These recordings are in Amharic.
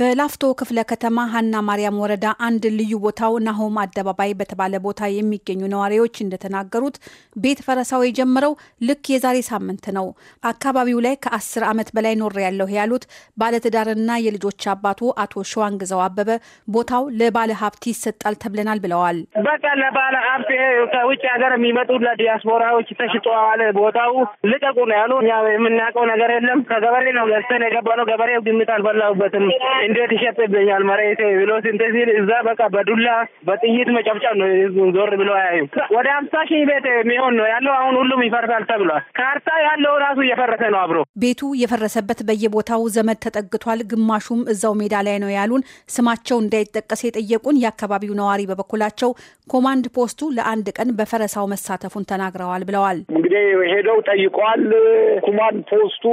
በላፍቶ ክፍለ ከተማ ሀና ማርያም ወረዳ አንድ ልዩ ቦታው ናሆም አደባባይ በተባለ ቦታ የሚገኙ ነዋሪዎች እንደተናገሩት ቤት ፈረሳው የጀመረው ልክ የዛሬ ሳምንት ነው። አካባቢው ላይ ከአስር ዓመት በላይ ኖር ያለው ያሉት ባለትዳርና የልጆች አባቱ አቶ ሸዋንግዛው አበበ ቦታው ለባለ ሀብት ይሰጣል ተብለናል ብለዋል። በቃ ለባለ ሀብት ከውጭ ሀገር የሚመጡ ለዲያስፖራዎች ተሽጠዋል። ቦታው ልቀቁ ነው ያሉ። የምናውቀው ነገር የለም። ከገበሬ ነው ገዝተን የገባ ነው። ገበሬው ግምት አልበላሁበትም እንዴት ይሸጥብኛል መሬቴ ብሎ ስንት ሲል እዛ በቃ በዱላ በጥይት መጨብጨብ ነው። ህዝቡን ዞር ብሎ አያዩ ወደ ሀምሳ ሺህ ቤት የሚሆን ነው ያለው። አሁን ሁሉም ይፈርሳል ተብሏል። ካርታ ያለው ራሱ እየፈረሰ ነው አብሮ። ቤቱ የፈረሰበት በየቦታው ዘመድ ተጠግቷል። ግማሹም እዛው ሜዳ ላይ ነው ያሉን። ስማቸው እንዳይጠቀስ የጠየቁን የአካባቢው ነዋሪ በበኩላቸው ኮማንድ ፖስቱ ለአንድ ቀን በፈረሳው መሳተፉን ተናግረዋል ብለዋል። እንግዲህ ሄደው ጠይቀዋል። ኮማንድ ፖስቱ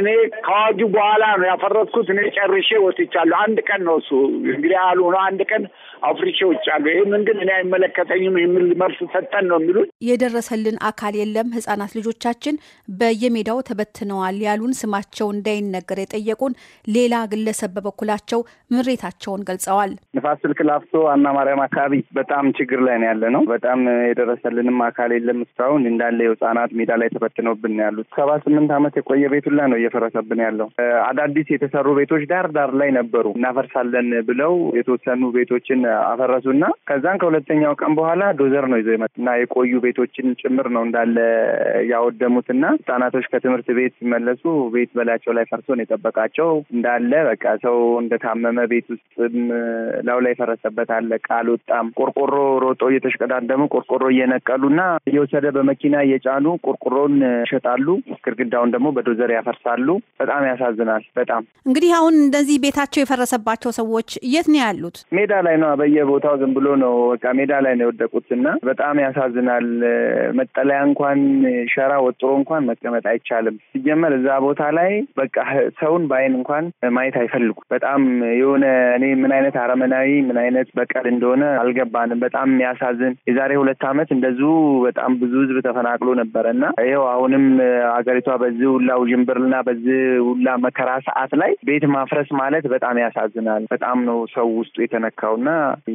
እኔ ከአዋጁ በኋላ ነው ያፈረስኩት። እኔ ጨርሼ ወጥቼ ውጭ አሉ። አንድ ቀን ነው እሱ እንግዲህ አሉ ሆኖ አንድ ቀን አፍሪቼ አሉ። ይህንን ግን እኔ አይመለከተኝም የሚል መልስ ሰጠን ነው የሚሉት። የደረሰልን አካል የለም። ህጻናት ልጆቻችን በየሜዳው ተበትነዋል ያሉን ስማቸው እንዳይነገር የጠየቁን ሌላ ግለሰብ በበኩላቸው ምሬታቸውን ገልጸዋል። ንፋስ ስልክ ላፍቶ አና ማርያም አካባቢ በጣም ችግር ላይ ነው ያለ ነው። በጣም የደረሰልንም አካል የለም እስካሁን እንዳለ የህጻናት ሜዳ ላይ ተበትነውብን ያሉት ሰባ ስምንት አመት የቆየ ቤቱላ ነው እየፈረሰብን ያለው አዳዲስ የተሰሩ ቤቶች ዳር ዳር ላይ ነበሩ እናፈርሳለን ብለው የተወሰኑ ቤቶችን አፈረሱና ከዛም ከሁለተኛው ቀን በኋላ ዶዘር ነው ይዘው እና የቆዩ ቤቶችን ጭምር ነው እንዳለ ያወደሙትና ህጻናቶች ከትምህርት ቤት ሲመለሱ ቤት በላያቸው ላይ ፈርሶ ነው የጠበቃቸው። እንዳለ በቃ ሰው እንደታመመ ቤት ውስጥም ላው ላይ ፈረሰበት አለ። ቃል ወጣም ቆርቆሮ ሮጦ እየተሽቀዳደሙ ቆርቆሮ እየነቀሉና እየወሰደ በመኪና እየጫኑ ቆርቆሮን ይሸጣሉ። ግድግዳውን ደግሞ በዶዘር ያፈርሳሉ። በጣም ያሳዝናል። በጣም እንግዲህ አሁን እንደዚህ ቤታ ቤታቸው የፈረሰባቸው ሰዎች የት ነው ያሉት? ሜዳ ላይ ነው፣ በየቦታው ዝም ብሎ ነው በቃ ሜዳ ላይ ነው የወደቁት እና በጣም ያሳዝናል። መጠለያ እንኳን ሸራ ወጥሮ እንኳን መቀመጥ አይቻልም። ሲጀመር እዛ ቦታ ላይ በቃ ሰውን በአይን እንኳን ማየት አይፈልጉም። በጣም የሆነ እኔ ምን አይነት አረመናዊ ምን አይነት በቀል እንደሆነ አልገባንም። በጣም ያሳዝን። የዛሬ ሁለት ዓመት እንደዚሁ በጣም ብዙ ህዝብ ተፈናቅሎ ነበረ እና ይኸው አሁንም አገሪቷ በዚህ ሁላ ውዥንብርና በዚህ ሁላ መከራ ሰዓት ላይ ቤት ማፍረስ ማለት በጣም ያሳዝናል። በጣም ነው ሰው ውስጡ የተነካው እና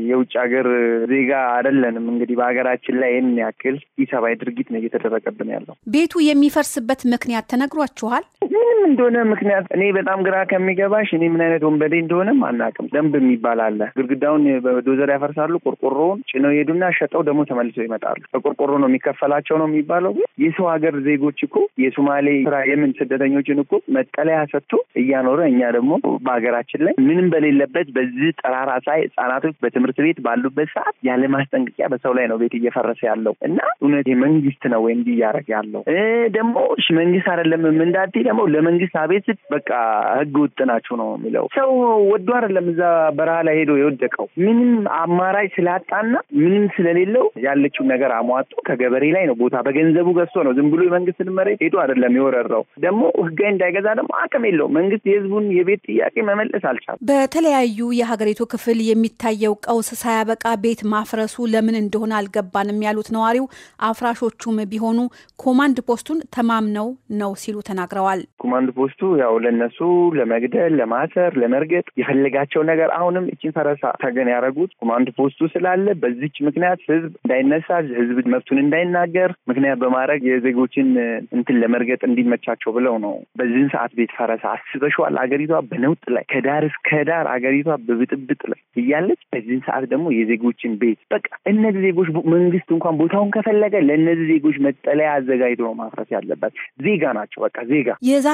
የውጭ ሀገር ዜጋ አይደለንም እንግዲህ በሀገራችን ላይ ይህን ያክል ኢሰብአዊ ድርጊት ነው እየተደረገብን ያለው። ቤቱ የሚፈርስበት ምክንያት ተነግሯችኋል? ምንም እንደሆነ ምክንያት እኔ በጣም ግራ ከሚገባሽ እኔ ምን አይነት ወንበዴ እንደሆነም አናውቅም። ደንብ የሚባል አለ። ግድግዳውን በዶዘር ያፈርሳሉ፣ ቆርቆሮውን ጭነው ይሄዱና ሸጠው ደግሞ ተመልሰው ይመጣሉ። በቆርቆሮ ነው የሚከፈላቸው ነው የሚባለው። የሰው ሀገር ዜጎች እኮ የሶማሌ ስራ የምን ስደተኞችን እኮ መጠለያ ሰጥቶ እያኖረ እኛ ደግሞ በሀገራችን በነገራችን ላይ ምንም በሌለበት በዚህ ጠራራ ሳይ ህጻናቶች በትምህርት ቤት ባሉበት ሰዓት ያለ ማስጠንቀቂያ በሰው ላይ ነው ቤት እየፈረሰ ያለው እና እውነት መንግስት ነው ወይ እንዲህ እያደረገ ያለው ደግሞ መንግስት አይደለም የምንዳቴ ደግሞ ለመንግስት አቤት በቃ ህግ ውጥ ናችሁ ነው የሚለው ሰው ወዶ አይደለም እዛ በረሃ ላይ ሄዶ የወደቀው ምንም አማራጭ ስላጣና ምንም ስለሌለው ያለችው ነገር አሟጡ ከገበሬ ላይ ነው ቦታ በገንዘቡ ገዝቶ ነው ዝም ብሎ የመንግስትን መሬት ሄዶ አይደለም የወረራው ደግሞ ህጋዊ እንዳይገዛ ደግሞ አቅም የለው መንግስት የህዝቡን የቤት ጥያቄ መመለስ ማስቀረት አልቻሉ። በተለያዩ የሀገሪቱ ክፍል የሚታየው ቀውስ ሳያበቃ ቤት ማፍረሱ ለምን እንደሆነ አልገባንም ያሉት ነዋሪው አፍራሾቹም ቢሆኑ ኮማንድ ፖስቱን ተማምነው ነው ሲሉ ተናግረዋል። ኮማንድ ፖስቱ ያው ለነሱ ለመግደል፣ ለማሰር፣ ለመርገጥ የፈለጋቸው ነገር አሁንም እችን ፈረሳ ተገን ያደረጉት ኮማንድ ፖስቱ ስላለ በዚች ምክንያት ህዝብ እንዳይነሳ፣ ህዝብ መብቱን እንዳይናገር ምክንያት በማድረግ የዜጎችን እንትን ለመርገጥ እንዲመቻቸው ብለው ነው። በዚህን ሰዓት ቤት ፈረሳ አስበሸዋል። አገሪቷ በነውጥ ላይ ከዳር እስከ ዳር አገሪቷ በብጥብጥ ላይ እያለች በዚህን ሰዓት ደግሞ የዜጎችን ቤት በቃ እነዚህ ዜጎች መንግስት እንኳን ቦታውን ከፈለገ ለእነዚህ ዜጎች መጠለያ አዘጋጅቶ ማፍረስ ያለባት ዜጋ ናቸው። በቃ ዜጋ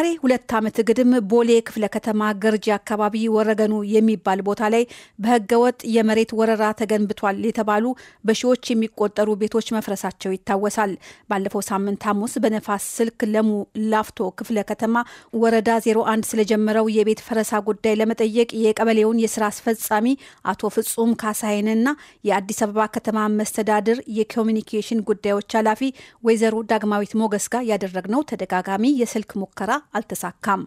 የዛሬ ሁለት ዓመት ግድም ቦሌ ክፍለ ከተማ ገርጂ አካባቢ ወረገኑ የሚባል ቦታ ላይ በሕገ ወጥ የመሬት ወረራ ተገንብቷል የተባሉ በሺዎች የሚቆጠሩ ቤቶች መፍረሳቸው ይታወሳል። ባለፈው ሳምንት ሐሙስ በነፋስ ስልክ ለሙ ላፍቶ ክፍለ ከተማ ወረዳ 01 ስለጀመረው የቤት ፈረሳ ጉዳይ ለመጠየቅ የቀበሌውን የስራ አስፈጻሚ አቶ ፍጹም ካሳይንና የአዲስ አበባ ከተማ መስተዳድር የኮሚኒኬሽን ጉዳዮች ኃላፊ ወይዘሮ ዳግማዊት ሞገስ ጋር ያደረግነው ተደጋጋሚ የስልክ ሙከራ አልተሳካም።